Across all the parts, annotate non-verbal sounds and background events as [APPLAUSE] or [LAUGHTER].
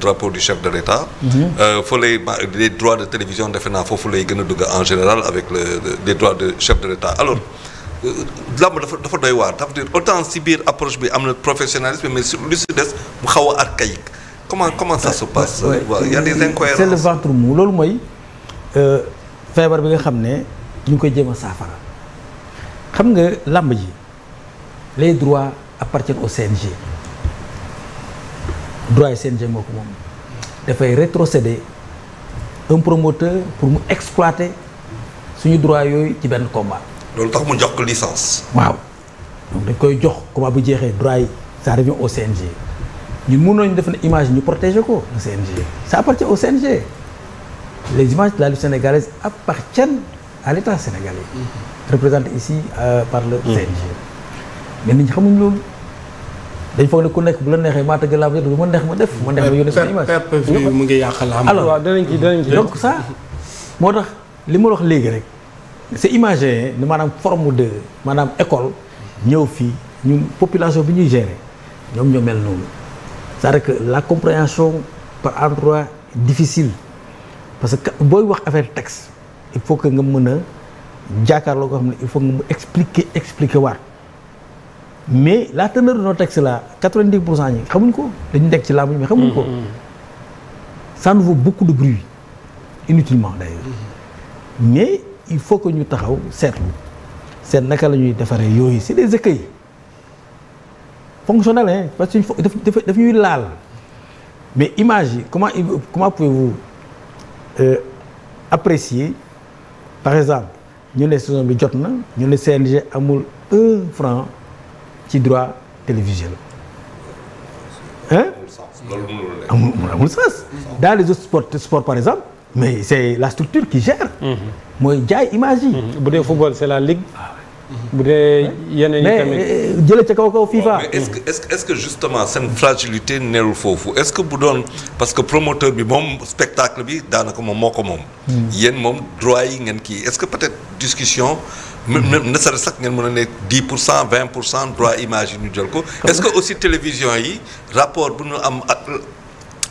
drapeau du chef de l'État mhm. euh, fa lay les droits de télévision defe naa foofu lay gën a dugg en général avec le droits de chef de l'État alors euh, làmb dafa dafa doy waar dafa dire autant si biir approche bi am na professionnalisme mais sur lu mu xaw a archaïque comment comment ça se passe waaw a des incohérences c'est loolu mooy euh, feebar bi nga xam ne ñu ngi koy jéem a saafara xam nga làmb ji les droits appartiennent au CNG droit CNG moo ko moom dafay rétrocéder un promoteur pour mu exploiter suñu droit yooyu ci benn combat. loolu tax mu jox ko licence. waaw dañ koy jox combat bu jeexee droit yi ça revient ñu CNG ñun def ne image ñu protéger ko le CNG. ça appartient au CNG les images de la lutte sénégalaise appartiennent à l'État sénégalais. Mm-hmm. représenté ici euh, par le mm-hmm. CNG. mais nit xamuñ loolu. dañ foog ne ku nekk bu la neexee maa tëgg laa bu ma neex ma def. ma neex ma yónnee sama image pep mu ngi yàq làmb. alors waaw danañ ci danañ ci donc ça moo tax li ma wax léegi rek c'est imagé ne maanaam forme de maanaam école ñëw fii ñun population bi ñuy gérer ñoom ñoo mel noonu c'est-à-dire que la compréhension par endroit difficile parce que booy wax affaire texte il faut que nga mën a jàkkaarloo ko xam ne il faut nga mu expliquer expliquer waat. mais la teneur de nos si là quatre-vingt-dix pour cent ñi xamuñ ko dañu nekk ci làmmiñ mais xamuñ ko. Mm-hmm. ça nous vaut beaucoup de bruit inutilement d'ailleurs mm-hmm. mais il faut que ñu taxaw seetlu seet naka la ñuy defaree yooyu c'est des écueils fonctionnels hein parce que daf daf ñuy laal mais image yi comment comment pouvez-vous euh, apprécier par exemple ñu ne saison bi jot na ñu ne CNG amul un franc. ci droit télévisuel hein amul amul sens dans les autres sports sport par exemple mais c'est la structure qui gère mhm. mooy jaay image mhm. bu dee football c'est la ligue ah mhm. bu dee yeneen yi tamit mais euh, jëlee ca kaw kaw FIFA. mais est-ce que est-ce que fragilité neewul foofu est-ce bu doon parce que promoteur bi moom spectacle bi daanaka moom moo ko moom. Hmm. yéen moom droit yi ngeen kii est-ce que peut-être discussion même ne serait-ce sax ngeen mën a nekk 10 pour cent 20 pour cent droit image yi ñu jël ko. est-ce que aussi télévision yi rapport bu ñu am ak.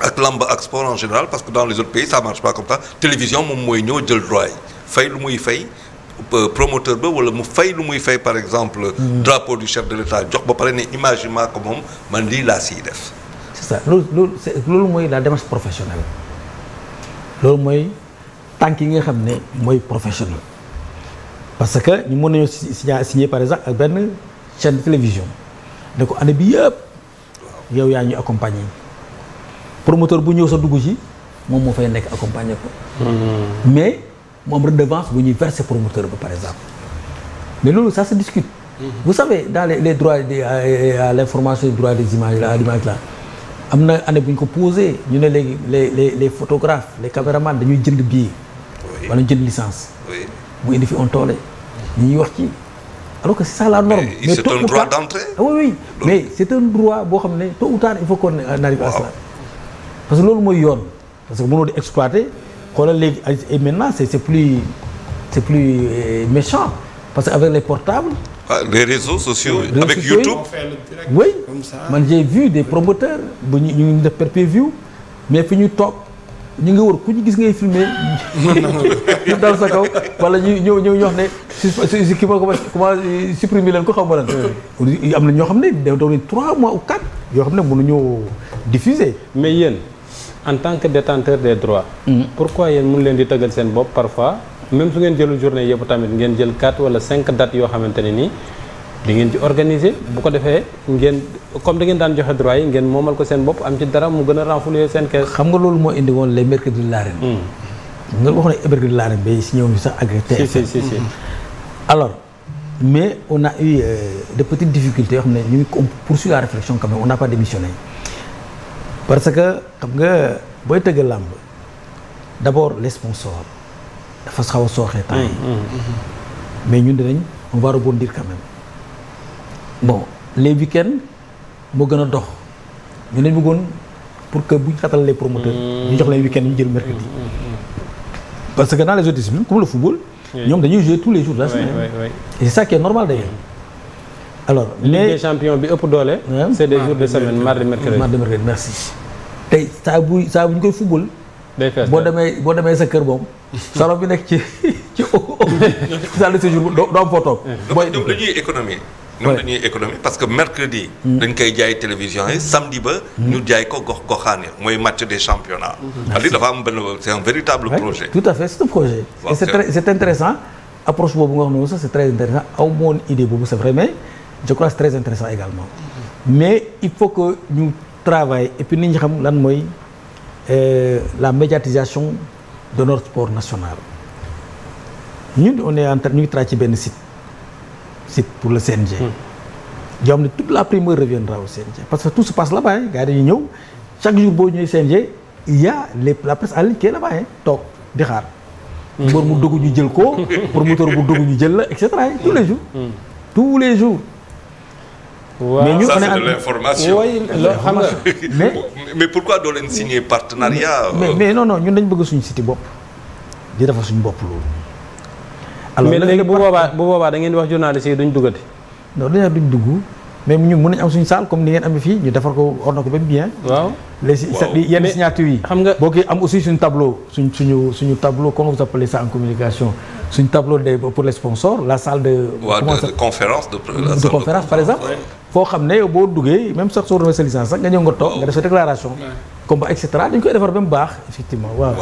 ak lamb ak sport en général parce que dans les autres pays ça marche pas comme ça télévision moom mooy ñëw jël droit yi fay lu muy fay euh, promoteur ba wala mu fay lu muy fay par exemple. Mm. drapeau du chef de l'État jox ba pare ne image yi maa ko moom man lii laa siy def. c'est ça loolu loolu loolu mooy la démarche professionnelle loolu mooy tànk yi nga xam ne mooy professionnel. parce que ñu nañu si signé signé par exemple ak benn chaîne de télévision ne ko année bi yëpp yow yaa ñu accompagner promoteur bu ñëw sa dugg ci moom moo fay nekk accompagner ko. Hmm. mais mu am redevance bu ñuy verser promoteur ba par exemple mais loolu ça se discute. Hmm. vous savez dans les droits de à l' information des droits des images là am na année bu ñu ko posé ñu ne léegi les les les photographes les caméramans dañuy jënd billet. wala jënd licence. mu indi fi on toole ñuy wax ci alors que c'est ça la norme. mais, ah c'est un droit boo xam ne tôt ou tard il faut qu'on arrive à cela parce que loolu mooy yoon parce que mënoo di exploiter xoolal léegi et maintenant c'est c'est plus c'est plus euh, méchant parce que avec les portables. ah les réseaux sociaux. Les réseaux avec YouTube oui man des promoteurs bu ñu ñu def perpéview mais fi ñu toog. ñu ngi wër ku ñu gis ngay filmé ñu dal sa kaw wala ñu ñëw ñëw ñoo xam ne si ki ma commencé commencé supprimer leen ko xaw ma lan hmm. am na ñoo xam ne da doon trois mois ou quatre yoo xam ne mënuñoo diffuser mais yéen en tant que détenteur des droits hmm. pourquoi yéen mun leen di tëggal seen bopp parfois même su ngeen jëlul journée yëpp tamit ngeen jël quatre wala cinq dates yoo xamante ne nii di ngeen ci organiser bu ko defee ngeen comme da ngeen daan joxe droit yi ngeen moomal ko seen bopp am ci dara mu gën a renflouer seen kees. xam nga loolu moo indi woon les mercredis de l'arène. Hmm. nga wax ne mercredi de l'arène ba si ñëw ñu sax agréé. si si si alors mais on a eu euh, de petites difficultés yoo xam ne ñu ngi poursuivre la réflexion quand même parce que xam nga booy tëgg làmb d'abord les sponsors dafa xaw a sooxee temps yi hmm, hmm, mais ñun dinañ on va rebondir quand même. bon les week-ends moo gën a dox ñu ne bëggoon pour que bu ñu xatal les promoteurs. ñu jox leen week-end ñu jël mercredi. Mm, mm, mm, parce que naa les autres disciplines comme le football. ñoom dañuy jouer tous les jours de la semaine. et c'est alors les Ligue bi ëpp doole. c'est des ah, jours de semaine mardi mercredi. mardi mercredi merci. tey saa bu saa bu ñu koy football. day fees boo demee boo demee sa kër moom. [LAUGHS] salon bi nekk ci ci au au. salle de doo am foo toog. mooy dañuy économie. ñoom dañuy économie parce que mercredi. Mm. dañ koy jaay télévision yi samedi ba. Mm. ñu jaay ko gox goxaan mooy match de championnats. merci dafa am benn c'est un véritable projet. tout à fait c'est un projet. et c'est très c'est intéressant approche boobu nga wax noonu sax c'est très intéressant aw mais également. mais il faut que ñu travaille et puis nit ñi xam lan mooy euh, la médiatisation de notre sport national ñu on est en train ñu ci benn site. site pour le CNG. yoo hmm. xam ne toute la primeur reviendra au CNG parce que tout se passe là-bas gars yi ñëw chaque jour boo ñëwee CNG il y a les la presse en ligne qui est toog di xaar. Hmm. mbër mu dugg ñu jël ko. [LAUGHS] promoteur bu dugg ñu jël la et cetera tous les jours. Hmm. tous les jours. mais ñu on est en l'information xam nga [LAUGHS] mais mais pourquoi doo leen signer partenariat. mais euh? mais non non ñun dañu bëgg suñu site bopp di defar suñu bopp loolu. mais léegi bu boobaa bu boobaa da ngeen wax journaliste yi duñ duggati. non déjà duñ dugg mais ñun mën nañ am suñu salle comme ni ngeen amee fii ñu tableau suñ tableau comment vous appelez ça en communication suñu tableau de pour les sponsors la salle de. waaw de conférence de. de conférence par exemple. foo xam ne boo duggee même sax soo demee sa licence sax nga ñëw nga toog nga def sa déclaration. comme et cetera dañ koy defar ba mu baax effectivement waaw.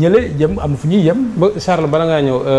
ñële yem am fu ñuy yem. Charles